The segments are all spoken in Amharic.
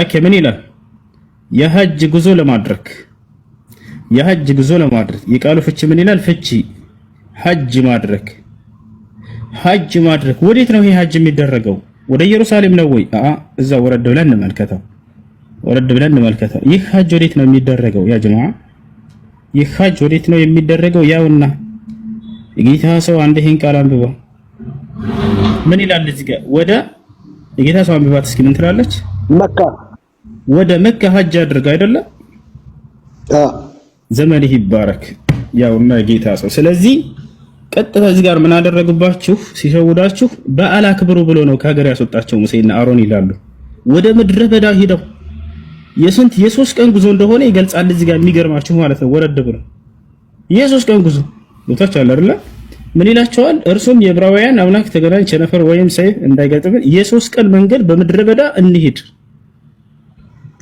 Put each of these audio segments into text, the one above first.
ኦኬ ምን ይላል? የሐጅ ጉዞ ለማድረግ የሐጅ ጉዞ ለማድረግ የቃሉ ፍቺ ምን ይላል? ፍቺ ሐጅ ማድረግ ሐጅ ማድረግ። ወዴት ነው ይሄ ሐጅ የሚደረገው? ወደ ኢየሩሳሌም ነው ወይ? አአ እዛ ወረድ ብለን እንመልከተው፣ ወረድ ብለን እንመልከተው። ይህ ሐጅ ወዴት ነው የሚደረገው? ያ ጀማዓ ይህ ሐጅ ወዴት ነው የሚደረገው? ያውና የጌታ ሰው አንድ ይሄን ቃል አንብባ ምን ይላል እዚህ ጋር ወደ የጌታ ሰው አንብባት እስኪ ምን ትላለች? መካ ወደ መካ ሀጅ አድርገው አይደለም ዘመንህ ይባረክ። እና ጌታ ሰው። ስለዚህ ቀጥታ እዚህ ጋር ምን አደረጉባችሁ ሲሸውዳችሁ በዓል አክብሩ ብሎ ነው ከሀገር ያስወጣቸው ሙሴና አሮን ይላሉ። ወደ ምድረ በዳ ሂደው የስንት የሶስት ቀን ጉዞ እንደሆነ ይገልጻል። እዚህ ጋር የሚገርማችሁ ማለት ነው ወረድ ብሎ የሶስት ቀን ጉዞ ቦታች አለ አይደለ? ምን ይላቸዋል? እርሱም የዕብራውያን አምላክ ተገናኝ ቸነፈር ወይም ሰይፍ እንዳይገጥም የሶስት ቀን መንገድ በምድረ በዳ እንሂድ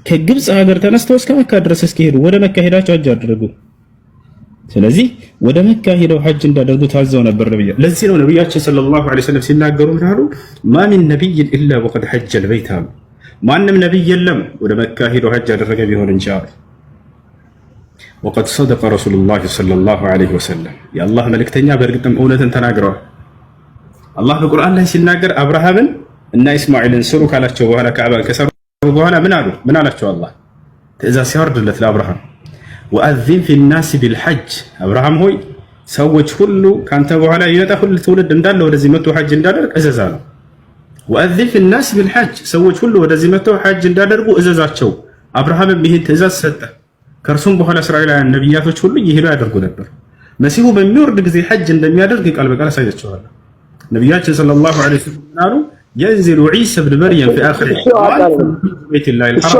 ከግብፅ ሀገር ተነስተው እስከ መካ ድረስ እስከሄዱ ወደ መካ ሄዳቸው ሀጅ አደረጉ። ስለዚህ ወደ መካ ሄደው ሀጅ እንዳደርጉ ታዘው ነበር። ነብያ ለዚህ ነው ነብያችን ሰለላሁ ዐለይሂ ወሰለም ሲናገሩ ምናሉ ማ ሚን ነቢይ ኢላ ወቀድ ሐጀ ልበይት አሉ። ማንም ነቢይ የለም ወደ መካ ሄደው ሀጅ ያደረገ ቢሆን እንጂ አሉ። ወቀድ ሰደቀ ረሱሉላህ ሰለላሁ ዐለይሂ ወሰለም የአላህ መልእክተኛ በእርግጥም እውነትን ተናግረዋል። አላህ በቁርአን ላይ ሲናገር አብርሃምን እና ኢስማኤልን ስሩ ካላቸው በኋላ ከዕባን ከሰሩ በኋላ ምን አሉ? ምን አላቸው? አላህ ትእዛዝ ሲያወርድለት ለአብርሃም ወአዚን ፊናሲ ቢልሐጅ አብርሃም ሆይ ሰዎች ሁሉ ከአንተ በኋላ የሚመጣ ሁሉ ትውልድ እንዳለ ወደዚህ መጥቶ ሐጅ እንዳደርግ እዘዛ ነው። ወአዚን ፊናሲ ቢልሐጅ ሰዎች ሁሉ ወደዚህ መጥተው ሐጅ እንዳደርጉ እዘዛቸው። አብርሃምም ይህን ትእዛዝ ሰጠ። ከእርሱም በኋላ እስራኤላውያን ነቢያቶች ሁሉ እየሄዱ ያደርጉ ነበር። መሲሁ በሚወርድ ጊዜ ሐጅ እንደሚያደርግ ቃል በቃል አሳያቸዋለሁ። ነቢያችን ሰለላሁ ዐለይሂ ወሰለም የንዝሉ ዒሳ ብን መርየም ፊ አኺር እሱ እሱ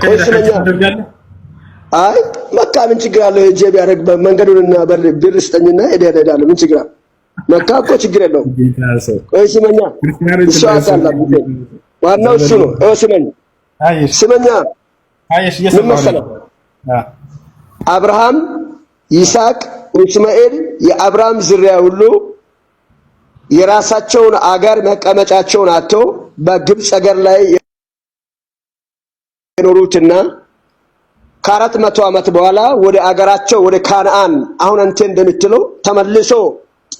አታለንም፣ አይ መካ ምን ችግር አለው? ሂጅ ቢያደርግ መንገዱንና ብር ስጠኝና ሄደህ እሄዳለሁ። ምን ችግር አለው? መካ እኮ ችግር የለውም። ስመኛ፣ እሱ አታለህ። ዋናው እሱ ነው። ስመኛ ስመኛ ምን መሰለህ አብርሃም፣ ይስሐቅ፣ እስማኤል የአብርሃም ዝርያ ሁሉ የራሳቸውን አገር መቀመጫቸውን አቶ በግብፅ አገር ላይ የኖሩትና ከአራት መቶ ዓመት በኋላ ወደ አገራቸው ወደ ካናአን አሁን አንተ እንደምትለው ተመልሶ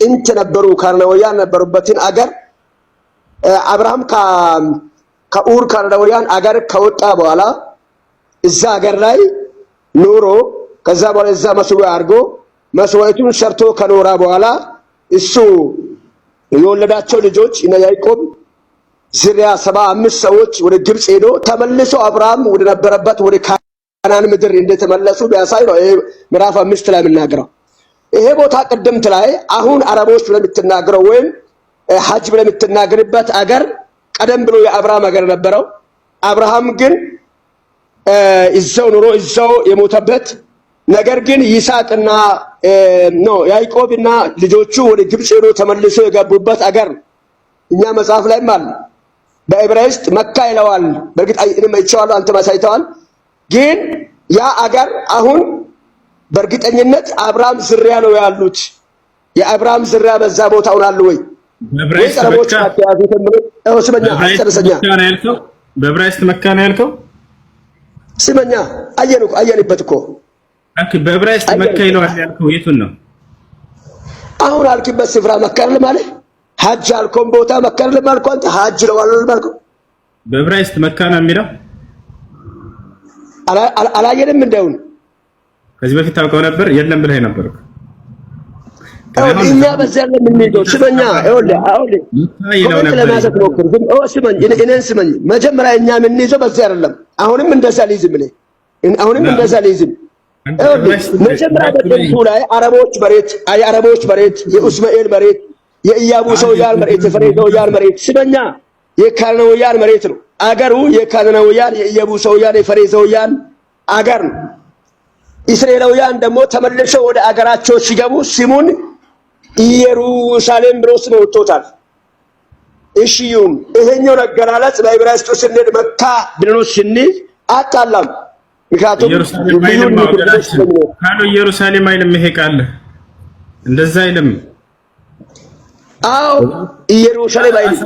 ጥንት ነበሩ ካናናውያን ነበሩበትን አገር አብርሃም ከኡር ካናናውያን አገር ከወጣ በኋላ እዛ አገር ላይ ኑሮ ከዛ በኋላ እዛ መስዋዕት አድርጎ መስዋዕቱን ሰርቶ ከኖራ በኋላ እሱ የወለዳቸው ልጆች እነ ያዕቆብ ዝርያ ሰባ አምስት ሰዎች ወደ ግብጽ ሄዶ ተመልሶ አብርሃም ወደ ነበረበት ወደ ካናን ምድር እንደተመለሱ ቢያሳይ ነው። ይሄ ምዕራፍ አምስት ላይ የምናገረው ይሄ ቦታ ቅድምት ላይ አሁን አረቦች ብለ የምትናገረው ወይም ሀጅ ብለ የምትናገርበት አገር ቀደም ብሎ የአብርሃም አገር ነበረው። አብርሃም ግን እዛው ኑሮ እዛው የሞተበት ነገር ግን ይስሐቅና ነው ያዕቆብና ልጆቹ ወደ ግብፅ ሄዶ ተመልሶ የገቡበት አገር እኛ መጽሐፍ ላይም አለ። በዕብራይስጥ መካ ይለዋል። በእርግጥ እኔም አይቼዋለሁ፣ አንተም አሳይተዋል። ግን ያ አገር አሁን በእርግጠኝነት አብርሃም ዝርያ ነው ያሉት። የአብርሃም ዝርያ በዛ ቦታ ሆናሉ ወይ? በዕብራይስጥ መካ ነው ያልከው። ስመኛ አየንበት እኮ በዕብራይስጥ መካ ይለዋል ያልከው የቱን ነው? አሁን አልክበት ስፍራ መከርል ሀጅ አልከውን ቦታ መከርል አይደለም አንተ ሀጅ ነው አልሆነም በዕብራይስጥ መካ ነው የሚለው አላየንም። እንደውን ከዚህ በፊት ታውቀው ነበር የለም ብለህ ነበር። እኛ በዛ ስመኛ ሞክር። ስመኝ እኔን ስመኝ መጀመሪያ እኛ የምንይዘው በዛ አይደለም። አሁንም እንደዛ ልይዝም አሁንም እንደዛ ልይዝም መጀመሪያ አረቦች መሬት የአረቦች መሬት፣ የኡስማኤል መሬት፣ የኢያቡሳውያን መሬት፣ የፈሬዛውያን መሬት ስመኛ የካናናውያን መሬት ነው። አገሩ የካናናውያን፣ የኢያቡሳውያን፣ የፈሬዛውያን አገር ነው። እስራኤላውያን ደግሞ ተመልሰው ወደ አገራቸው ሲገቡ ስሙን ኢየሩሳሌም ብሎ ስም ወጥቶታል። እሺዩም ይሄኛውን አገላለጽ በዕብራይስጡ ስንሄድ መካ ብለን ስንል አጣላም ምክንያቱም ኢየሩሳሌም አይልም ይሄ ቃል እንደዛ አይልም። አዎ ኢየሩሳሌም አይልም።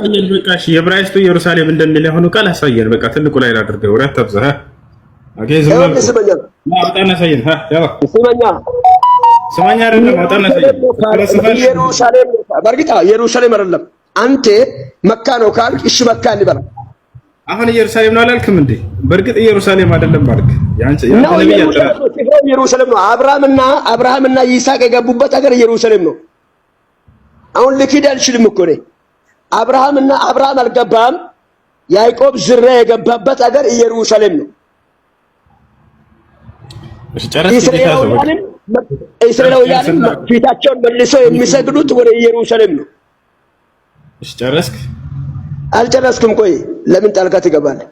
በቃ የዕብራይስጡ ኢየሩሳሌም እንደሚል የሆኑ ቃል አሳየን። በቃ ትልቁ ላይ ላድርገው። ወራት ተብዛህ አገ ዘመን ስመኛ ማጣና ሳይን ሀ ያባ ስመኛ ስመኛ አይደለም ማጣና ሳይን ኢየሩሳሌም በርግጥ ኢየሩሳሌም አይደለም። አንተ መካ ነው ካልክ እሺ መካ እንበላ አሁን ኢየሩሳሌም ነው አላልክም እንዴ? በእርግጥ ኢየሩሳሌም አይደለም ማለት ያንቺ ኢየሩሳሌም ነው። አብርሃምና አብርሃምና ይስሐቅ የገቡበት ሀገር ኢየሩሳሌም ነው። አሁን ልክድ አልችልም እኮ ነኝ። አብርሃምና አብርሃም አልገባም። ያዕቆብ ዝርያ የገባበት ሀገር ኢየሩሳሌም ነው። እሺ ጨረስ። እስራኤላውያንም ፊታቸውን መልሰው የሚሰግዱት ወደ ኢየሩሳሌም ነው። እሺ ጨረስክ? አልጨረስክም፣ ቆይ ለምን ጣልቃ ትገባለህ?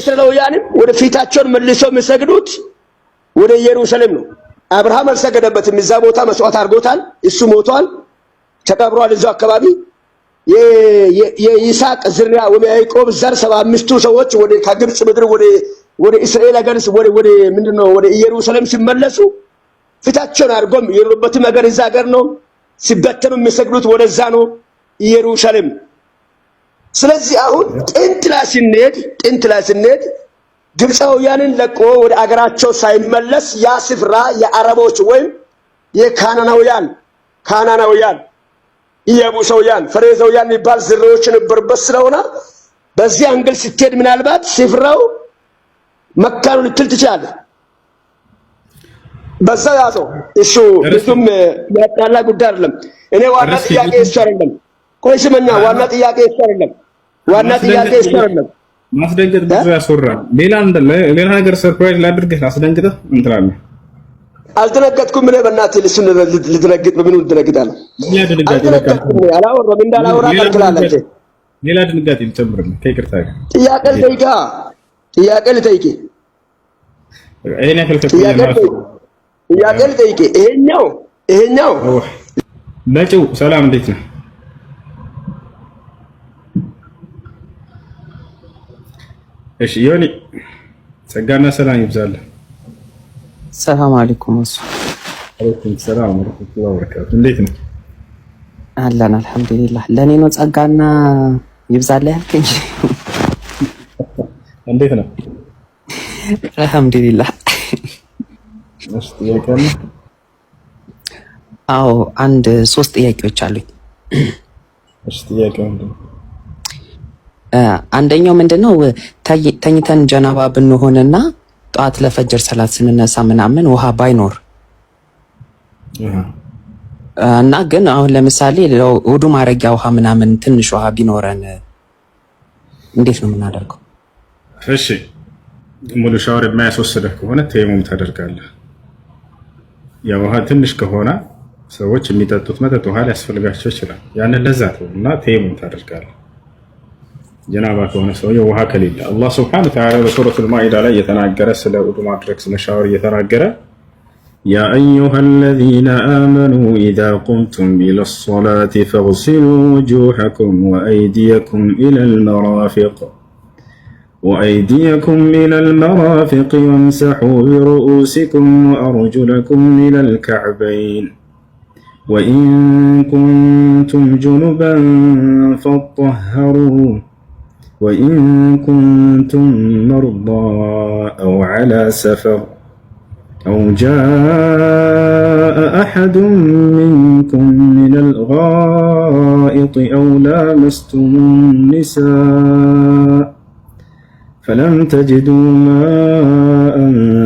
እስራኤላውያንም ወደ ፊታቸውን መልሶ የሚሰግዱት ወደ ኢየሩሳሌም ነው። አብርሃም አልሰገደበትም። እዛ ቦታ መስዋዕት አድርጎታል። እሱ ሞቷል፣ ተቀብሯል። እዛው አካባቢ የይስሐቅ ዝርያ ወደ ያዕቆብ ዘር ሰባ አምስቱ ሰዎች ወደ ከግብፅ ምድር ወደ ወደ እስራኤል አገርስ ወደ ወደ ምንድን ነው ወደ ኢየሩሳሌም ሲመለሱ ፊታቸውን አድርጎም የኖሩበትም ሀገር እዛ ሀገር ነው። ሲበተኑ የሚሰግዱት ወደዛ ነው ኢየሩሳሌም ስለዚህ አሁን ጥንት ላይ ስንሄድ ጥንት ላይ ስንሄድ ግብፃውያንን ለቆ ወደ አገራቸው ሳይመለስ ያ ስፍራ የአረቦች ወይም የካናናውያን ካናናውያን ኢየቡሰውያን ፈሬዘውያን የሚባል ዝርዎች ነበሩበት ስለሆነ በዚህ አንግል ስትሄድ ምናልባት ስፍራው መካኑ ልትል ትችላለህ። በዛ ያዘው እሱ ብዙም ያጣላ ጉዳይ አይደለም። እኔ ዋና ጥያቄ እሱ አይደለም። ቆይ ስምና፣ ዋና ጥያቄ እሱ አይደለም። ዋና ጥያቄ እሱ አይደለም። ማስደንገጥ ብዙ ያስወራል። ሌላ ሌላ ነገር ሰርፕራይዝ ላድርግህ፣ ላስደንግጥህ እንትላለህ። አልደነገጥኩም። እኔ በእናትህ ልሱን ልደነግጥ በምኑ ልደነግጣለሁ? አላወራም። እንዳላወራ ቀልክላለህ። ሌላ ድንጋጤ ልጨምርልህ ከይቅርታ ጋር ጥያቄ ልጠይቃ ጥያቄ ልጠይቄ ጥያቄ ልጠይቄ ይሄኛው ይሄኛው ለጭው ሰላም እንዴት ነህ? እሺ ዮኒ ጸጋና ሰላም ይብዛል። ሰላም አለይኩም ወሱ አለይኩም ሰላም ወራህመቱላሂ ወበረካቱ። እንዴት ነው? አላን አልሐምዱሊላህ። ለኔ ነው ጸጋና ይብዛል ያልከኝ? እንዴት ነው? አልሐምዱሊላህ። አዎ አንድ ሶስት ጥያቄዎች አሉኝ። እሺ ጥያቄ ምንድነው? አንደኛው ምንድነው ተኝተን ጀናባ ብንሆንና ጠዋት ለፈጀር ሰላት ስንነሳ ምናምን ውሃ ባይኖር እና ግን አሁን ለምሳሌ ውዱ ማድረጊያ ውሃ ምናምን ትንሽ ውሃ ቢኖረን እንዴት ነው የምናደርገው? እሺ ሙሉ ሻወር የማያስወስደህ ከሆነ ቴሙም ታደርጋለህ። ያ ውሃ ትንሽ ከሆነ ሰዎች የሚጠጡት መጠጥ ውሃ ሊያስፈልጋቸው ይችላል። ያንን ለዛ እና ቴሙም ታደርጋለህ። ጀናባ ከሆነ ሰውየው ውሃ ከሌለ አላህ ስብሐነ ወተዓላ በሱረቱል ማኢዳ ላይ የተናገረ ስለ ውዱ ማድረግ ስለ ሻወር እየተናገረ ያ አዩሃ አለዚነ አመኑ ኢዛ ቁምቱም ኢላ ሶላቲ ፈግሲሉ ውጁሐኩም ወአይዲየኩም ኢለል መራፊቅ وأيديكم إلى المرافق وامسحوا برؤوسكم وأرجلكم إلى الكعبين وإن كنتم جنبا فاطهروا وإن كنتم مرضى أو على سفر أو جاء أحد منكم من الغائط أو لامستم النساء فلم تجدوا ماء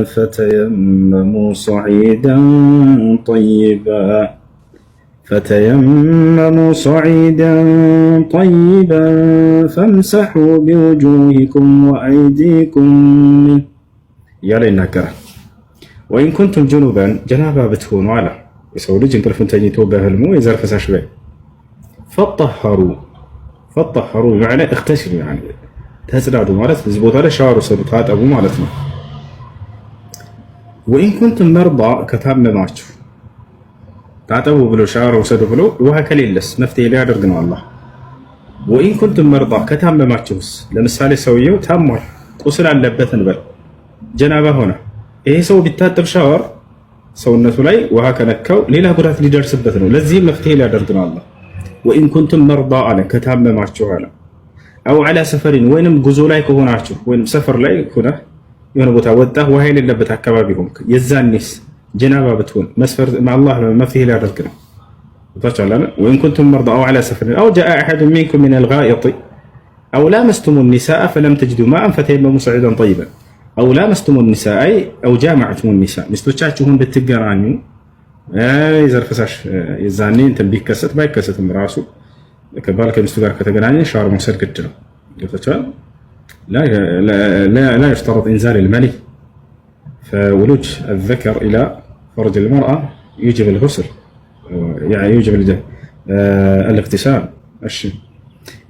فتيمموا صعيدا طيبا فتيمموا صعيدا طيبا فامسحوا بوجوهكم وأيديكم منه لينا كره وإن كنتم جنوبا جنابا بتكونوا على يسوي لجن كرفن تجيتوا بهلمو يزرف ساشبي فطهروا فطهروا بمعنى اختشروا يعني تسلعوا يعني. مالت زبوط على شعر وسرطات أبو مالتنا وإن كنتم مرضى كتاب مماتشو ታጠቡ ብሎ ሻወር ውሰዱ ብሎ ውሃ ከሌለስ መፍትሄ ሊያደርግ ነው አላህ። ወኢን ኩንቱም መርዳ ከታመማችሁስ፣ ለምሳሌ ሰውየው ታሟል ቁስል አለበት እንበል፣ ጀናባ ሆነ። ይሄ ሰው ቢታጠብ ሻወር ሰውነቱ ላይ ውሃ ከነካው ሌላ ጉዳት ሊደርስበት ነው። ለዚህም መፍትሄ ሊያደርግ ነው አላህ። ወኢን ኩንቱም መርዳ አለ ከታመማችሁ አለ አው ዐላ ሰፈሪን ወይንም ጉዞ ላይ ከሆናችሁ ወይንም ሰፈር ላይ ሆነ የሆነ ቦታ ወጣ ውሃ የሌለበት አካባቢ ሆንክ የዛኔስ جنابه بتكون مسفر مع الله ما فيه الا رزق وان كنتم مرضى او على سفر او جاء احد منكم من الغائط او لامستم النساء فلم تجدوا ماء فتيمموا صعيدا طيبا او لامستم النساء اي او جامعتم النساء مستوچاچون بتگرانيو اي زر زرفساش يزاني انت بيكست بايكست مراسو كبالك مستوگار كتگراني شعر مسر كتلو لا لا لا لا يشترط انزال الملك فولوج الذكر الى فرج المرأة يجب الغسل يعني يجب الاغتسال እሺ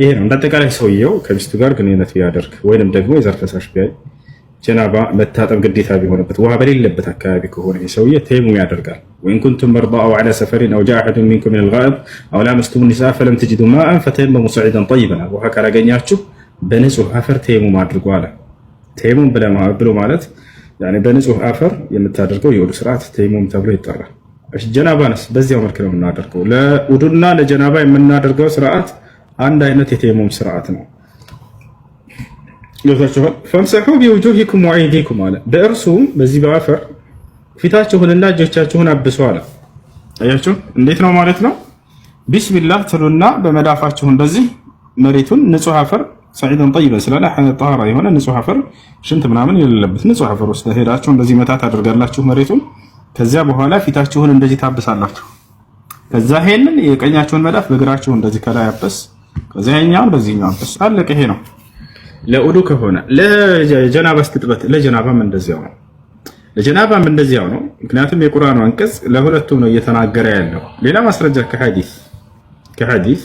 ይሄ ነው እንዳጠቃላይ ሰውየው ከሚስቱ ጋር ግንኙነት ቢያደርግ ወይንም ደግሞ የዘር ፈሳሽ ቢያይ ጀናባ መታጠብ ግዴታ ቢሆንበት ውሃ በሌለበት አካባቢ ከሆነ ሰውየ ተየሙም ያደርጋል። ወኢን ኩንቱም መርዳ አው ዐላ ሰፈሪን አው ጃአ ሚንኩም ሚነል ጋኢጥ አው ላመስቱሙ ኒሳአ ፈለም ተጅዱ ማአን ፈተየመሙ ሰዒደን ጠይበን ውሃ ካላገኛችሁ በንጹህ አፈር ተየሙም አድርጉ አለ። ብሎ ማለት በንጹህ አፈር የምታደርገው የውዱ ስርዓት ተይሞም ተብሎ ይጠራል። ጀናባንስ በዚያው መልክ ነው የምናደርገው። ለውዱና ለጀናባ የምናደርገው ስርዓት አንድ አይነት የተይሞም ስርዓት ነው። ፈምሰሑ ቢውጁሂኩም ወአይዲኩም አለ። በእርሱም በዚህ በአፈር ፊታችሁንና እጆቻችሁን አብሱ አለ። አያችሁ፣ እንዴት ነው ማለት ነው? ቢስሚላህ ትሉና በመዳፋችሁ እንደዚህ መሬቱን ንጹህ አፈር ሰዒደን ጠይበን ስላለ ጣራ የሆነ ንጹህ አፈር ሽንት ምናምን የሌለበት ንጹህ አፈር ውስጥ ሄዳችሁ እንደዚህ መታ ታደርጋላችሁ መሬቱን። ከዚያ በኋላ ፊታችሁን እንደዚህ ታብሳላችሁ። ከዛ ይሄንን የቀኛችሁን መዳፍ በግራችሁ እንደዚህ ከላይ አበስ፣ ከዛ ይሄኛውን በዚህኛው አበስ። አለቀ። ይሄ ነው ለኡዱ ከሆነ። ለጀናባ ስትጥበት፣ ለጀናባም እንደዚያው ነው። ለጀናባም እንደዚያው ነው። ምክንያቱም የቁርአኑ አንቀጽ ለሁለቱም ነው እየተናገረ ያለው። ሌላ ማስረጃ ከሐዲስ ከሐዲስ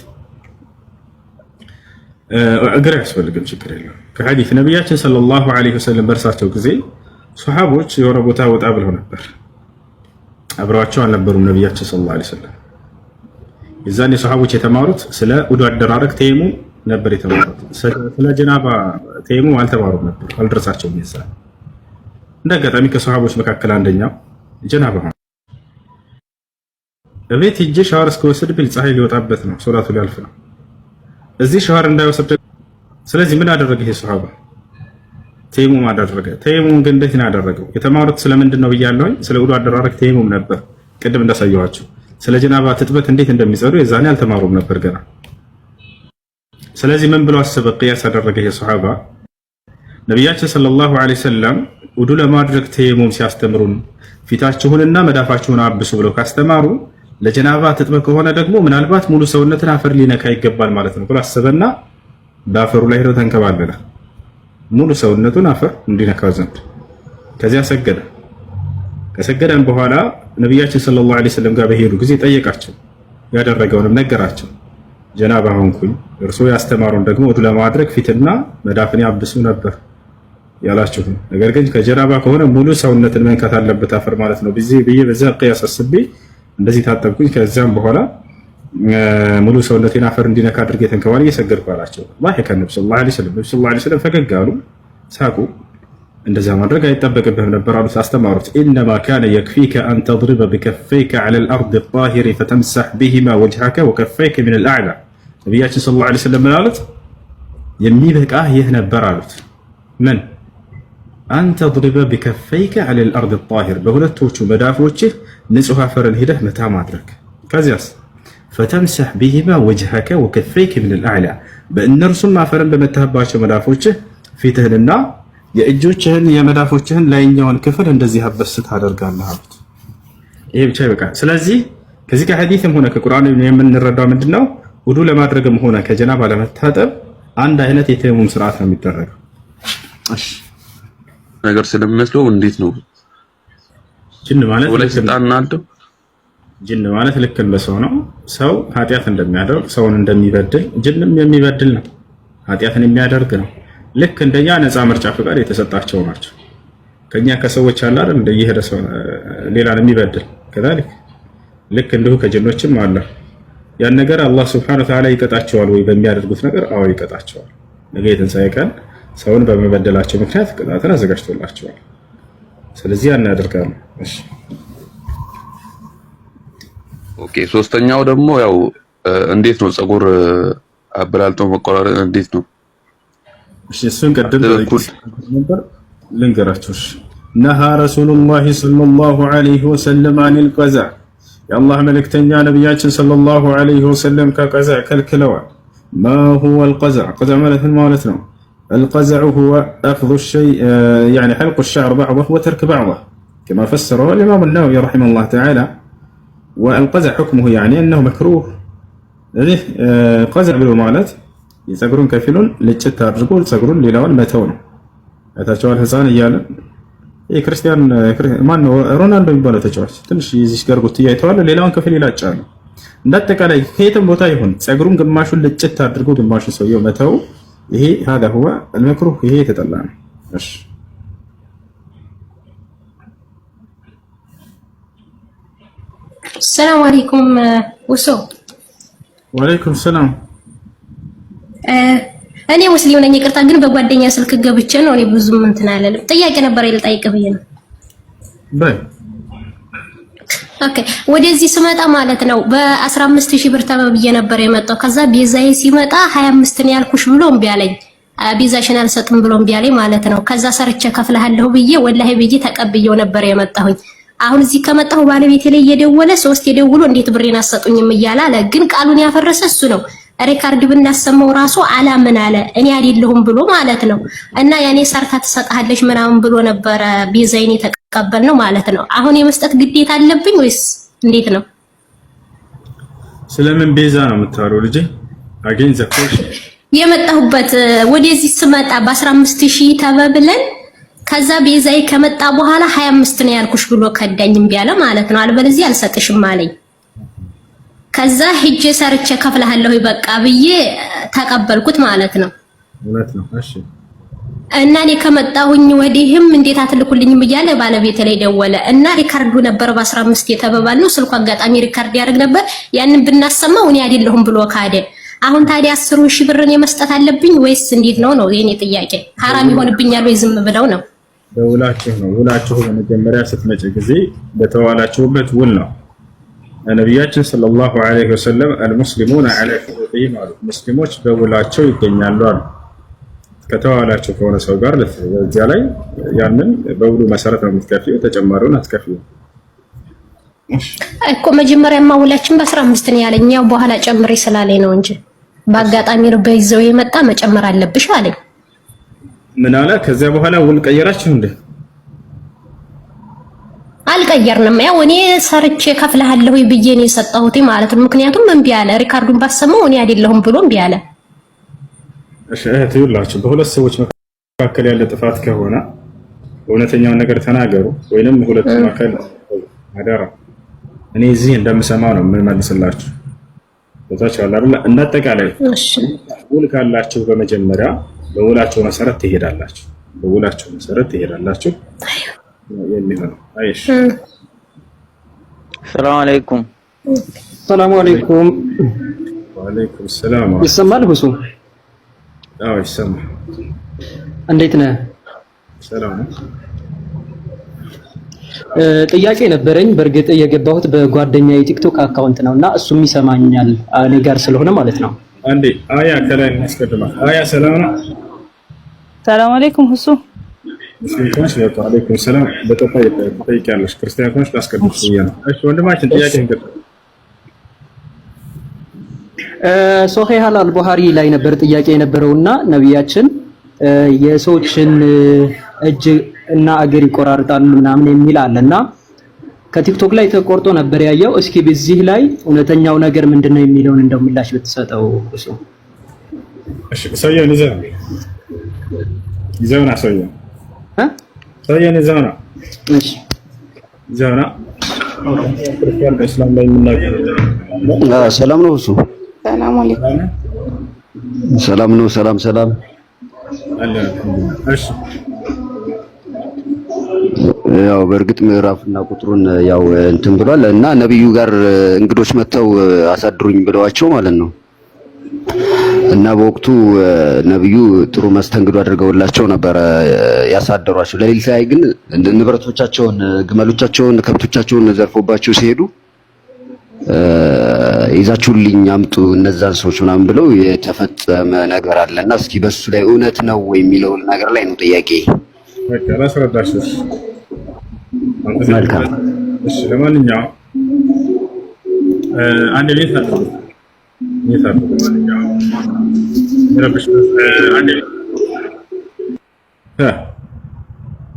እግር አያስፈልግም፣ ችግር የለም። ከሐዲስ ነቢያችን ሰለላሁ ዐለይሂ ወሰለም በእርሳቸው ጊዜ ሶሓቦች የሆነ ቦታ ወጣ ብለው ነበር። አብረዋቸው አልነበሩም ነቢያችን ሰለላሁ ዐለይሂ ወሰለም። የዛኔ ሶሓቦች የተማሩት ስለ ውዱ አደራረግ ተይሙ ነበር የተማሩት። ስለ ጀናባ ተይሙ አልተማሩም ነበር፣ አልደረሳቸውም። የዛ እንደ አጋጣሚ ከሶሓቦች መካከል አንደኛው ጀናባ ሆነ። እቤት ሂጄ ሻወር እስከወስድ ብል ፀሐይ ሊወጣበት ነው፣ ሶላቱ ሊያልፍ ነው እዚህ ሸዋር እንዳይወሰድ። ስለዚህ ምን አደረገ ይሄ ሰሃባ? ተይሙም አደረገ። ተይሙም ግን እንዴት ነው ያደረገው? የተማሩት ስለምንድን ነው ብያለሁኝ። ስለ ውዱ አደራረግ ተይሙም ነበር ቅድም እንዳሳየኋቸው። ስለ ጀናባ ትጥበት እንዴት እንደሚጸዱ የዛኔ አልተማሩም ነበር ገና። ስለዚህ ምን ብሎ አሰበ? ቅያስ አደረገ ይሄ ሰሃባ። ነቢያችን ሰለላሁ ዐለይሂ ወሰለም ውዱ ለማድረግ ተይሙም ሲያስተምሩን ፊታችሁንና መዳፋችሁን አብሱ ብለው ካስተማሩ ለጀናባ ትጥም ከሆነ ደግሞ ምናልባት ሙሉ ሰውነትን አፈር ሊነካ ይገባል ማለት ነው ብሎ አሰበና በአፈሩ ላይ ሄዶ ተንከባለለ፣ ሙሉ ሰውነቱን አፈር እንዲነካው ዘንድ። ከዚያ ሰገደ። ከሰገደን በኋላ ነቢያችን ሰለላሁ ዐለይሂ ወሰለም ጋር በሄዱ ጊዜ ጠየቃቸው፣ ያደረገውንም ነገራቸው። ጀናባ ሆንኩኝ፣ እርሶ ያስተማሩን ደግሞ ወዱ ለማድረግ ፊትና መዳፍን ያብሱ ነበር ያላችሁ ነገር ግን ከጀናባ ከሆነ ሙሉ ሰውነትን መንካት አለበት አፈር ማለት ነው ብዬ በዛ ቅያስ አስቤ እንደዚህ ታጠብኩኝ። ከዚያም በኋላ ሙሉ ሰውነቴን አፈር እንዲነካ አድርጌ ተንከባል እየሰገድኩ አላቸው። ላከ ነብ ስ ላ ስለም ነብ ላ ስለም ፈገግ አሉ፣ ሳቁ። እንደዛ ማድረግ አይጠበቅብህም ነበር አሉት፣ አስተማሩት። ኢነማ ካነ የክፊከ አን ተድሪበ ብከፈይከ ዐለ ልአርድ ጣሂሪ ፈተምሳሕ ብሂማ ወጅሃከ ወከፈይከ ምን ልአዕላ። ነቢያችን ስ ላ ስለም ምን አሉት? የሚበቃህ ይህ ነበር አሉት። ምን አንተ ድሪበ ቢከፈይከ አለል አርድ ጣሂር በሁለቶቹ መዳፎችህ ንጹህ አፈርን ሂደህ መታ ማድረግ። ከዚያስ ፈተምሰሕ ቢሂማ ወጅሀከ ወከፈይከ ሚነል አዕላ በእነርሱም አፈርን በመታህባቸው መዳፎችህ ፊትህንና የእጆችህን የመዳፎችህን ላይኛውን ክፍል እንደዚህ አበስ ታደርጋለህ አሉት። ይሄ ብቻ ይበቃል። ስለዚህ ከዚህ ከሐዲስም ሆነ ከቁርአን የምንረዳው ምንድን ነው? ውዱ ለማድረግም ሆነ ከጀናባ ለመታጠብ አንድ አይነት የተየሙም ስርዓት ነው የሚደረገው። ነገር ስለሚመስለው እንዴት ነው ጅን ማለት ወለ ስልጣን አለው። ጅን ማለት ልክ እንደ ሰው ነው። ሰው ኃጢያት እንደሚያደርግ ሰውን እንደሚበድል ጅንም የሚበድል ነው፣ ኃጢያትን የሚያደርግ ነው። ልክ እንደኛ ነፃ ምርጫ ፍቃድ የተሰጣቸው ናቸው። ከኛ ከሰዎች አለ አይደል እንደ ይሄ ሰው ሌላን የሚበድል ከዛልክ ልክ እንዲሁ ከጅኖችም አለ። ያን ነገር አላህ ሱብሓነሁ ወተዓላ ይቀጣቸዋል ወይ በሚያደርጉት ነገር? አዎ ይቀጣቸዋል። ነገ የትንሣኤ ቀን ሰውን በመበደላቸው ምክንያት ቅጣትን አዘጋጅቶላቸዋል። ስለዚህ አናደርጋ ነው። ኦኬ ሶስተኛው ደግሞ ያው እንዴት ነው ፀጉር አበላልጦ መቆራረጥ እንዴት ነው? እሺ እሱን ቀደም ነበር ልንገራችሁ። ነሃ ረሱሉላህ ሰለላሁ ዐለይሂ ወሰለም አኒል ቀዛ የአላህ መልእክተኛ ነቢያችን ሰለላሁ ዐለይሂ ወሰለም ከቀዛ ከልክለዋል። ማ ሁወል ቀዛ ቀዛ ማለት ማለት ነው القزع هو اخذ الشيء آه، يعني حلق الشعر بعضه وترك بعضه كما فسره الامام النووي رحمه الله تعالى والقزع حكمه يعني انه مكروه يعني آه، قزع بالمالات يسقرون كفلون لتشتا رجول سقرون ليلا والماتون هذا شو الحصان يالا اي كريستيان آه، ما انه رونالدو يبالا تشوف تنش يزيش كرغو تي يتوالا ليلا كفل لا تشان نتك على كيتم بوتايهون سقرون قماشون لتشتا رجول قماشون سويو ماتون ይሄ ሀዳ ሁዋ አልመክሩህ ይሄ የተጠላ ነው። እሺ ሰላም አለይኩም ውሶ። ወአለይኩም ሰላም። እኔ ሙስሊም ነኝ፣ ይቅርታ ግን በጓደኛ ስልክ ገብቼ ነው። እኔ ብዙም እንትን አለልም። ጥያቄ ነበር ልጠይቅህ ብዬ ነው። በይ ኦኬ ወደዚህ ስመጣ ማለት ነው በ15 ሺህ ብር ተበብዬ ነበር የመጣው። ከዛ ቤዛዬ ሲመጣ 25 ነው ያልኩሽ ብሎ እምቢ አለኝ። ቤዛሽን አልሰጥም ብሎ እምቢ አለኝ ማለት ነው። ከዛ ሰርቼ ከፍልሃለሁ ብዬ ወላሂ ብዬ ተቀብየው ነበር የመጣሁኝ። አሁን እዚህ ከመጣሁ ባለቤቴ ላይ እየደወለ ሶስት የደውሎ እንዴት ብሬን አሰጡኝም እያለ አለ። ግን ቃሉን ያፈረሰ እሱ ነው። ሪካርድ ብናሰማው ራሱ አላምን አለ እኔ አይደለሁም ብሎ ማለት ነው። እና ያኔ ሰርታ ትሰጥሃለች ምናምን ብሎ ነበረ ቤዛይን የተቀበል ነው ማለት ነው። አሁን የመስጠት ግዴታ አለብኝ ወይስ እንዴት ነው? ስለምን ቤዛ ነው የምታወራው ልጄ? አገኝ ዘኮሽ የመጣሁበት ወደዚህ ስመጣ በ15 ሺህ ተበብለን ከዛ ቤዛይ ከመጣ በኋላ 25 ነው ያልኩሽ ብሎ ከዳኝ ቢያለ ማለት ነው። አልበለዚህ አልሰጥሽም አለኝ። ከዛ ሂጄ ሰርቼ ከፍልሃለሁ በቃ ብዬ ተቀበልኩት ማለት ነው። እውነት ነው። እሺ እና እኔ ከመጣሁኝ ወዲህም እንዴት አትልኩልኝም እያለ ባለቤት ላይ ደወለ እና ሪካርዱ ነበር በ15 የተበባል ነው ስልኩ አጋጣሚ ሪካርድ ያደርግ ነበር። ያንን ብናሰማው እኔ አይደለሁም ብሎ ካደ። አሁን ታዲያ አስሩ ሺህ ብርን የመስጠት አለብኝ ወይስ እንዴት ነው ነው የኔ ጥያቄ። ሀራም ይሆንብኛል ወይ ዝም ብለው ነው? በውላችሁ ነው። ውላችሁ በመጀመሪያ ስትመጪ ጊዜ በተዋላችሁበት ውል ነው ነቢያችን ሰለላሁ ዐለይሂ ወሰለም አልሙስሊሙን ዐላ ሹሩጢሂም አሉ። ሙስሊሞች በውላቸው ይገኛሉ አሉ። ከተዋላቸው ከሆነ ሰው ጋር በዚያ ላይ ያንን በውሉ መሰረት ነው የምትከፍዩ፣ ተጨማሪውን አትከፍዩ እኮ። መጀመሪያማ ውላችን በአስራ አምስት ነው ያለኝ፣ ያው በኋላ ጨምሪ ስላለኝ ነው እንጂ በአጋጣሚ ነው በይዘው የመጣ መጨመር አለብሽ አለኝ። ምን አለ? ከዚያ በኋላ ውል ቀየራችሁ እንዴ? አልቀየርንም። ያው እኔ ሰርቼ ከፍልሃለሁ ብዬ ነው የሰጠሁት ማለት ነው። ምክንያቱም እምቢ አለ። ሪካርዱን ባሰማው እኔ አይደለሁም ብሎ እምቢ አለ። እሺ እህት ይውላችሁ፣ በሁለት ሰዎች መካከል ያለ ጥፋት ከሆነ እውነተኛውን ነገር ተናገሩ፣ ወይንም ሁለቱም አካል አደራ። እኔ እዚህ እንደምሰማው ነው የምመልስላችሁ። አለ አይደል? እንዳጠቃላይ ውል ካላችሁ በመጀመሪያ በውላችሁ መሰረት ትሄዳላችሁ። በውላችሁ መሰረት ትሄዳላችሁ። የሚሆነው። አይሽ ሰላም አለይኩም። ሰላም አለይኩም። ወአለይኩም ሰላም። ይሰማል ሁሱ? አዎ ይሰማል። እንዴት ነህ? ሰላም ጥያቄ ነበረኝ። በእርግጥ የገባሁት በጓደኛ የቲክቶክ አካውንት ነው እና እሱም ይሰማኛል እኔ ጋር ስለሆነ ማለት ነው። አንዴ አያ ከላይ እናስቀድማል። አያ ሰላም ነው። ሰላም አለይኩም ሁሱ ሙስሊምኮች አለይኩም ሰላም በቀጣይ ጠይቂያለሽ። ክርስቲያኖች ላስቀድስ እሺ ወንድማችን ጥያቄ ንገ ሶሒህ አል ቡሃሪ ላይ ነበር ጥያቄ የነበረው እና ነቢያችን የሰዎችን እጅ እና እግር ይቆራርጣሉ ምናምን የሚል አለ እና ከቲክቶክ ላይ ተቆርጦ ነበር ያየው። እስኪ በዚህ ላይ እውነተኛው ነገር ምንድን ነው የሚለውን እንደው ምላሽ ብትሰጠው እሱ። እሺ ሰውየው ይዘው ነው ይዘውና ሰውየው ታየን ዘና እሺ፣ ላይ ሰላም ነው። እሱ ሰላም አለይኩም ሰላም ነው። ሰላም ሰላም አለ። እሺ፣ ያው በእርግጥ ቁጥሩን ያው እንትን ብሏል እና ነብዩ ጋር እንግዶች መጥተው አሳድሩኝ ብለዋቸው ማለት ነው። እና በወቅቱ ነብዩ ጥሩ መስተንግዶ አድርገውላቸው ነበረ ያሳደሯቸው። ለሌሊት ላይ ግን ንብረቶቻቸውን፣ ግመሎቻቸውን፣ ከብቶቻቸውን ዘርፎባቸው ሲሄዱ ይዛችሁልኝ አምጡ እነዛን ሰዎች ምናምን ብለው የተፈጸመ ነገር አለ እና እስኪ በሱ ላይ እውነት ነው የሚለው ነገር ላይ ነው ጥያቄ። መልካም። ለማንኛውም አንድ ቤት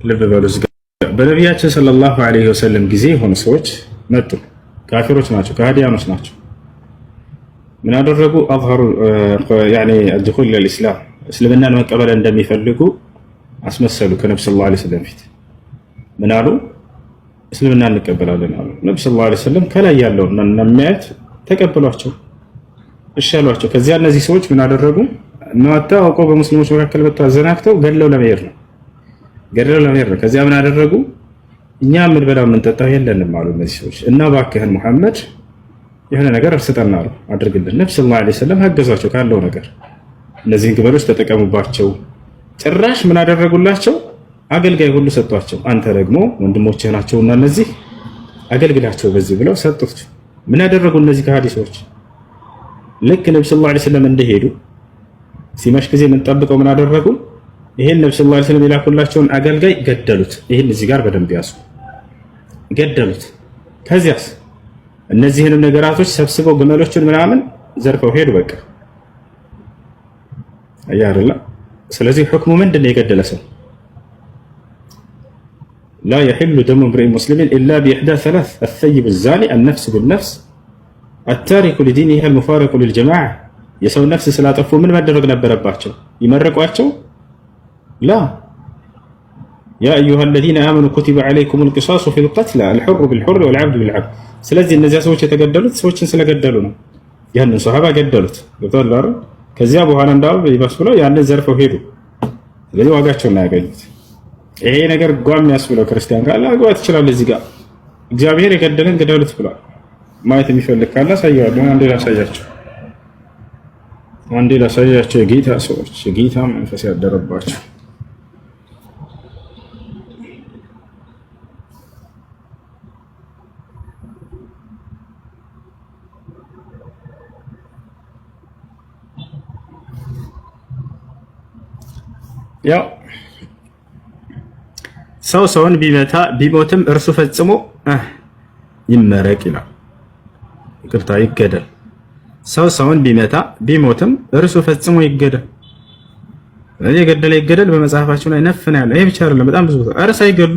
ልብ በሉ። በነቢያችን ሰለላሁ ዐለይሂ ወሰለም ጊዜ የሆኑ ሰዎች መጡ። ካፊሮች ናቸው፣ ከሃዲያኖች ናቸው። ምን አደረጉ? አዝሀሩ አድኹል ለልእስላም እስልምናን መቀበል እንደሚፈልጉ አስመሰሉ። ከነብስ ላ ስለም ፊት ምን አሉ? እስልምና እንቀበላለን አሉ። ነብስ ላ ስለም ከላይ ያለውን የሚያዩት ተቀብሏቸው እሻሏቸው። ከዚያ እነዚህ ሰዎች ምን አደረጉ? መወተው አውቀው በሙስሊሞች መካከል ወጥተው አዘናግተው ገድለው ለመሄድ ነው። ገድለው ለመሄድ ነው። ከዚያ ምን አደረጉ? እኛ የምንበላው የምንጠጣው የለንም አሉ እነዚህ ሰዎች እና እባክህን ሙሐመድ የሆነ ነገር ስጠን አሉ። አድርግልን። ነብዩ ሰለላሁ ዐለይሂ ወሰለም አገዟቸው ካለው ነገር እነዚህን ግመሎች ተጠቀሙባቸው። ጭራሽ ምን አደረጉላቸው? አገልጋይ ሁሉ ሰጧቸው። አንተ ደግሞ ወንድሞችህ ናቸውና እነዚህ አገልግላቸው በዚህ ብለው ሰጡት። ምን ያደረጉ እነዚህ ከሀዲሶች ልክ ነብዩ ሰለላሁ ዐለይሂ ወሰለም እንደሄዱ ሲመሽ ጊዜ ምን ጠብቀው ምን አደረጉ? ይሄን ነብዩ ሰለላሁ ዐለይሂ ወሰለም የላኩላቸውን አገልጋይ ገደሉት። ይሄን እዚህ ጋር በደንብ ያዙ፣ ገደሉት። ከዚያስ እነዚህንም ነገራቶች ሰብስበው ግመሎችን ምናምን ዘርፈው ሄዱ። በቃ አያ አይደለ? ስለዚህ ህክሙ ምንድነው? የገደለ ሰው ላ የሕሉ ደሙ እምሪእ ሙስሊሚን ኢላ ቢኢሕዳ ሰላስ አሰይብ ዛኒ አልነፍስ ብልነፍስ አታሪኩ ሊዲኒህ አልሙፋሪቁ ልልጀማዓ የሰው ነፍስ ስላጠፉ ምን መደረግ ነበረባቸው? ይመረቋቸው? ላ ያ አዩሃ አለዚነ አመኑ ኩቲበ ዓለይኩም አልቂሳሱ ፊል ቀትላ አልሑሩ ቢልሑር ወልዓብዱ ቢልዓብድ። ስለዚህ እነዚያ ሰዎች የተገደሉት ሰዎችን ስለገደሉ ነው። ያንን ሰሃባ ገደሉት። ገብቶሃል አይደል? ከዚያ በኋላ እንዳው ይባስ ብለው ያንን ዘርፈው ሄዱ። ስለዚህ ዋጋቸውን ያገኙት። ይሄ ነገር ጓም ያስብለው ክርስቲያን ካለ አግባ ትችላል። እዚህ ጋር እግዚአብሔር የገደለን ገደሉት ብሏል። ማየት የሚፈልግ ካለ አሳየዋለሁ። አንዴ ላሳያቸው አንዴ ላሳያቸው። የጌታ ሰዎች የጌታ መንፈስ ያደረባቸው ያው ሰው ሰውን ቢመታ ቢሞትም እርሱ ፈጽሞ ይመረቅ ይላል። ይቅርታ ይገደል ሰው ሰውን ቢመታ ቢሞትም እርሱ ፈጽሞ ይገደል። ስለዚህ የገደለ ይገደል በመጽሐፋቸው ላይ ነፍና ያለ ይሄ ብቻ አይደለም። በጣም ብዙ ቦታ አረ አይገሉ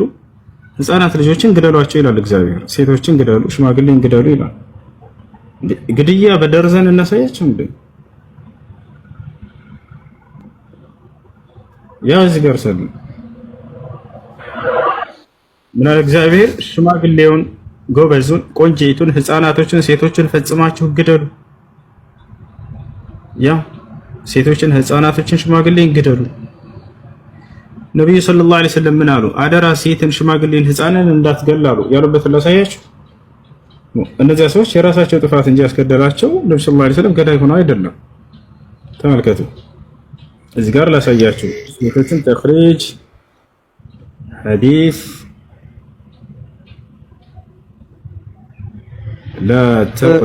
ህፃናት ልጆችን ግደሏቸው ይላል እግዚአብሔር። ሴቶችን ግደሉ፣ ሽማግሌን ግደሉ ይላል። ግድያ በደርዘን እናሳያቸው እንዴ? ያው እዚህ ጋር ምን አለ እግዚአብሔር? ሽማግሌውን፣ ጎበዙን፣ ቆንጆይቱን፣ ህፃናቶችን፣ ሴቶችን ፈጽማችሁ ግደሉ ያ ሴቶችን፣ ህፃናቶችን፣ ሽማግሌን ግደሉ። ነቢዩ ሰለላሁ ዐለይሂ ወሰለም ምን አሉ? አደራ ሴትን፣ ሽማግሌን፣ ህፃንን እንዳትገላሉ ያሉበትን ላሳያችሁ። እነዚያ ሰዎች የራሳቸው ጥፋት እንጂ ያስገደላቸው ነቢ ሰለላሁ ዐለይሂ ወሰለም ገዳይ ሆነው አይደለም። ተመልከቱ፣ እዚህ ጋር ላሳያችሁ ሴቶችን ተክሪጅ ሐዲስ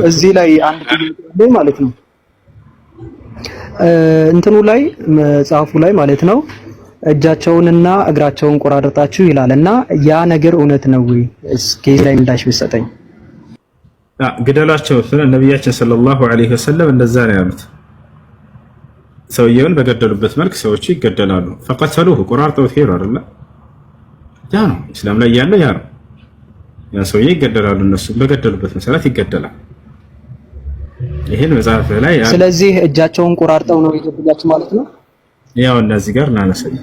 እዚህ ላይ አንድ ማለት ነው እንትኑ ላይ መጽሐፉ ላይ ማለት ነው እጃቸውንና እግራቸውን ቆራርጣችሁ ይላል እና ያ ነገር እውነት ነው ወይ? እስኪ ላይ ምላሽ ብትሰጠኝ። ግደሏቸው ስለ ነቢያችን ሰለላሁ ዐለይሂ ወሰለም እንደዛ ነው ያሉት። ሰውየውን በገደሉበት መልክ ሰዎች ይገደላሉ። ፈቀተሉሁ ቆራርጠውት ሄዱ አይደለ? ያ ነው እስላም ላይ ያለው ያ ነው። ያ ሰውዬ ይገደላሉ። እነሱ በገደሉበት መሰረት ይገደላል። ይሄን መጽሐፍ ላይ ስለዚህ እጃቸውን ቆራርጠው ነው የገደሏቸው ማለት ነው። ያው እነዚህ ጋር እናነሳለን።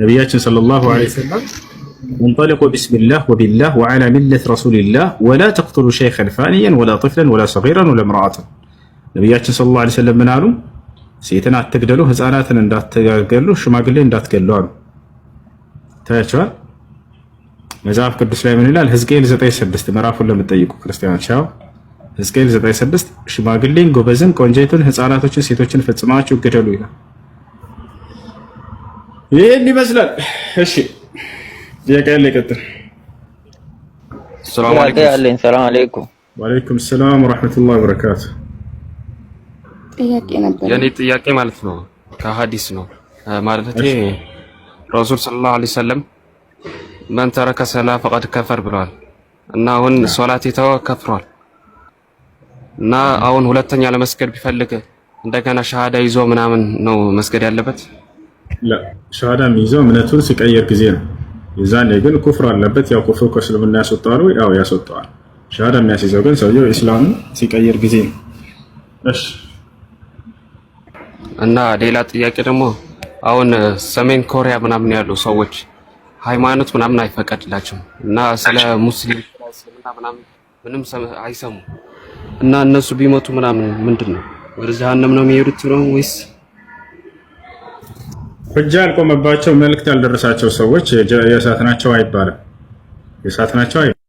ነቢያችን ሰለላሁ ዐለይሂ ወሰለም እንጠልቁ ቢስሚላህ ወቢላህ ወዐላ ሚለት ረሱሊላህ ወላ ተቅቱሉ ሸይኸን ፋኒየን ወላ ጢፍለን ወላ ሰጊረን ወላ ምርአተን። ነቢያችን ሰለላሁ ዐለይሂ ወሰለም ምን አሉ? ሴትን አትግደሉ፣ ህፃናትን እንዳትገሉ፣ ሽማግሌ እንዳትገሉ አሉ። ታያቸዋል። መጽሐፍ ቅዱስ ላይ ምን ይላል? ሕዝቅኤል 9፥6 ምዕራፉን ለምትጠይቁ ክርስቲያኖች ሕዝቅኤል 96 ሽማግሌን፣ ጎበዝን፣ ቆንጆይቱን፣ ህፃናቶችን፣ ሴቶችን ፈጽማችሁ ግደሉ ይላል። ይህን ይመስላል። እሺ ጥያቄ ይቀጥል። ሰላም አለይኩም። ወአለይኩም ሰላም ወራህመቱላሂ ወበረካቱ። ጥያቄ ነበር የኔ ጥያቄ ማለት ነው ከሀዲስ ነው ማለት ረሱል ሰለላሁ ዐለይሂ ወሰለም መን ተረከ ሰላ ፈቀድ ከፈር ብለዋል እና አሁን ሶላት የተወ ከፍሯል እና አሁን ሁለተኛ ለመስገድ ቢፈልግ እንደገና ሻሃዳ ይዞ ምናምን ነው መስገድ ያለበት? ሻሃዳ ይዞ እምነቱን ሲቀየር ጊዜ ነው። የዛኔ ግን ኩፍር አለበት። ያው ኩፍር ከእስልምና ያስወጣዋል ያው ያስወጣዋል። ሻሃዳ የሚያስይዘው ግን ሰውየው ኢስላምን ሲቀየር ጊዜ ነው። እሺ። እና ሌላ ጥያቄ ደግሞ አሁን ሰሜን ኮሪያ ምናምን ያሉ ሰዎች ሃይማኖት ምናምን አይፈቀድላቸውም እና ስለ ሙስሊም ምናምን ምንም አይሰሙ እና እነሱ ቢሞቱ ምናምን ምንድን ነው ወደ ጀሀነም ነው የሚሄዱት ነው ወይስ ሁጃ ያልቆመባቸው መልእክት ያልደረሳቸው ሰዎች የእሳት ናቸው አይባልም። የእሳት ናቸው አይባልም።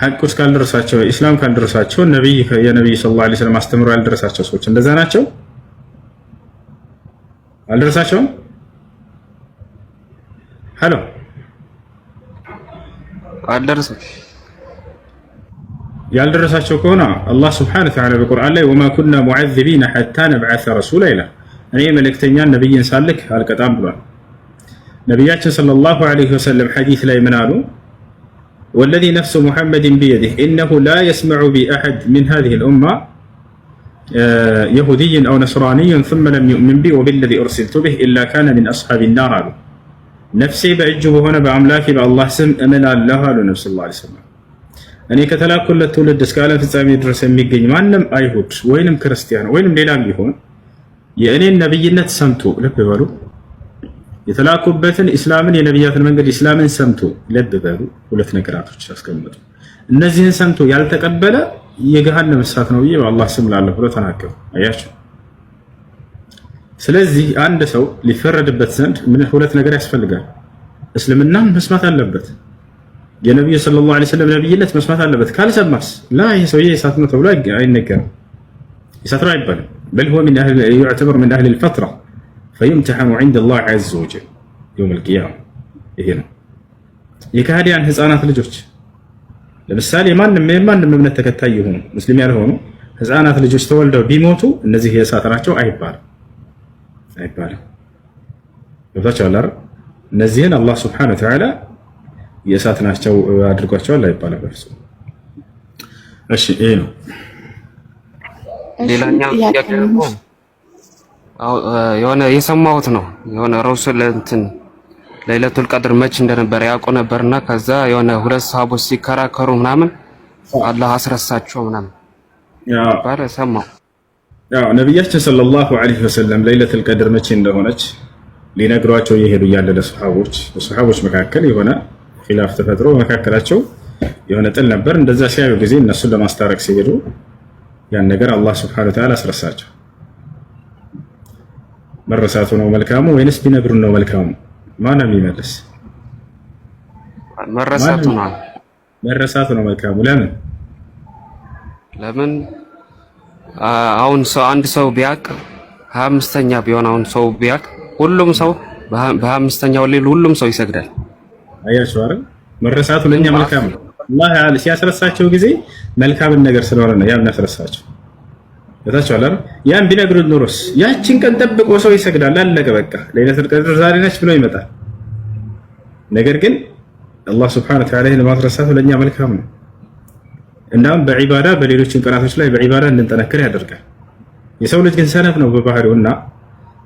ሐቅ ውስጥ ካልደረሳቸው ኢስላም ካልደረሳቸው ነብይ የነብይ ሰለላሁ ዐለይሂ ወሰለም አስተምሮ ያልደረሳቸው ሰዎች እንደዛ ናቸው። አልደረሳቸውም። ሄሎ አልደረሳቸው ያልደረሳቸው ከሆነ አላህ ስብሐነሁ ወተዓላ በቁርአን ላይ ወማ ኩና ሙዐዚቢነ ሐታ ነብዐሰ ረሱላ ይላል። እኔ መልእክተኛን ነብይን ሳልክ አልቀጣም ብሏል። ነቢያችን ሰለላሁ ዐለይሂ ወሰለም ሐዲስ ላይ ምን አሉ? ወለዚ ነፍሱ ሙሐመድን ቢየዲህ ኢነሁ ላ የስመዑ ቢ አሐድ ሚን ሃዚሂል ኡማ የሁዲይን አው ነስራንይን ሱመ ለም ዩእሚን ቢ ወቢለዚ ኡርሲልቱ ቢህ ኢላ ካነ ሚን አስሓቢን ናር አሉ። ነፍሴ በእጁ በሆነ በአምላኬ በአላህ ስም እምላለሁ አሉ ነብዩ ሰለላሁ ዐለይሂ ወሰለም እኔ ከተላኩለት ትውልድ እስከ ዓለም ፍጻሜ ድረስ የሚገኝ ማንም አይሁድ ወይንም ክርስቲያን ወይንም ሌላም ቢሆን የእኔን ነብይነት ሰምቶ ልብ በሉ የተላኩበትን ኢስላምን የነቢያትን መንገድ ኢስላምን ሰምቶ ልብ በሉ ሁለት ነገራቶች አስቀምጡ። እነዚህን ሰምቶ ያልተቀበለ የገሃነም እሳት ነው ብዬ በአላህ ስም ላለ ብሎ ተናገሩ። አያቸው። ስለዚህ አንድ ሰው ሊፈረድበት ዘንድ ምን ሁለት ነገር ያስፈልጋል። እስልምናም መስማት አለበት። የነቢዩ ሰለላሁ ዐለይሂ ወሰለም ነቢይነት መስማት አለበት። ካልሰማስ ላ ይህ ሰውዬ እሳት ነው ተብሎ አይነገርም። እሳት ነው አይባልም። በል ሁወ ዩዕተበር ምን አህል ልፈትራ ፈዩምተሐኑ ዐንደ ላህ ዐዘ ወጀል የውም ልቅያማ። ይሄ ነው የካህዲያን ህፃናት ልጆች ለምሳሌ ማንም የማንም እምነት ተከታይ የሆኑ ሙስሊም ያልሆኑ ህፃናት ልጆች ተወልደው ቢሞቱ እነዚህ የእሳት ናቸው አይባልም አይባልም። ገብታችኋል አይደል? እነዚህን አላህ ስብሐነ ወተዓላ የእሳት ናቸው አድርጓቸዋል አይባልም በፍጹም። እሺ ይሄ ነው። ሌላኛው የሆነ የሰማሁት ነው የሆነ ረሱል እንትን ለይለቱል ቀድር መች እንደነበረ ያውቁ ነበርና ከዛ የሆነ ሁለት ሰሃቦች ሲከራከሩ ምናምን አላህ አስረሳቸው ምናምን ባለ ሰማሁ። ያው ነብያችን ሰለላሁ ዐለይሂ ወሰለም ለይለቱል ቀድር መቼ እንደሆነች ሊነግሯቸው የሄዱ እያለ ለሰሃቦች በሰሃቦች መካከል የሆነ ኪላፍ ተፈጥሮ በመካከላቸው የሆነ ጥል ነበር። እንደዛ ሲያዩ ጊዜ እነሱን ለማስታረቅ ሲሄዱ ያን ነገር አላህ ስብሐነ ወተዓላ አስረሳቸው። መረሳቱ ነው መልካሙ ወይንስ ቢነግሩን ነው መልካሙ? ማን የሚመልስ? መረሳቱ ነው። መረሳቱ ነው መልካሙ። ለምን ለምን አሁን ሰው አንድ ሰው ቢያቅ ሀያ አምስተኛ ቢሆን አሁን ሰው ቢያቅ ሁሉም ሰው በሀያ አምስተኛው ሌል ሁሉም ሰው ይሰግዳል አያችሁ አይደል? መረሳቱ ለኛ መልካም ነው። አላህ ያለ ሲያስረሳቸው ጊዜ መልካምን ነገር ስለሆነ ነው ያን ያስረሳቸው። ታችኋል ያን ቢነግሩት ኑሮስ ያችን ቀን ጠብቆ ሰው ይሰግዳል። አለቀ በቃ። ለይለቱል ቀድር ዛሬ ነች ብሎ ይመጣል። ነገር ግን አላህ ስብሐነ ወተዓላ ይህን ማስረሳቱ ለእኛ መልካም ነው። እናም በዒባዳ በሌሎችን ቀናቶች ላይ በዒባዳ እንድንጠነክር ያደርጋል። የሰው ልጅ ግን ሰነፍ ነው በባህሪውና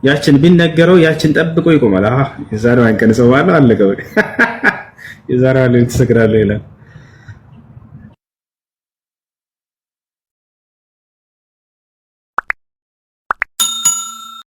ያችን ቢነገረው ያችን ጠብቆ ይቆማል። አሃ የዛሬዋን ሰው እጾማለሁ አለቀ በቃ የዛሬዋን ሌሊት እሰግዳለሁ ይላል።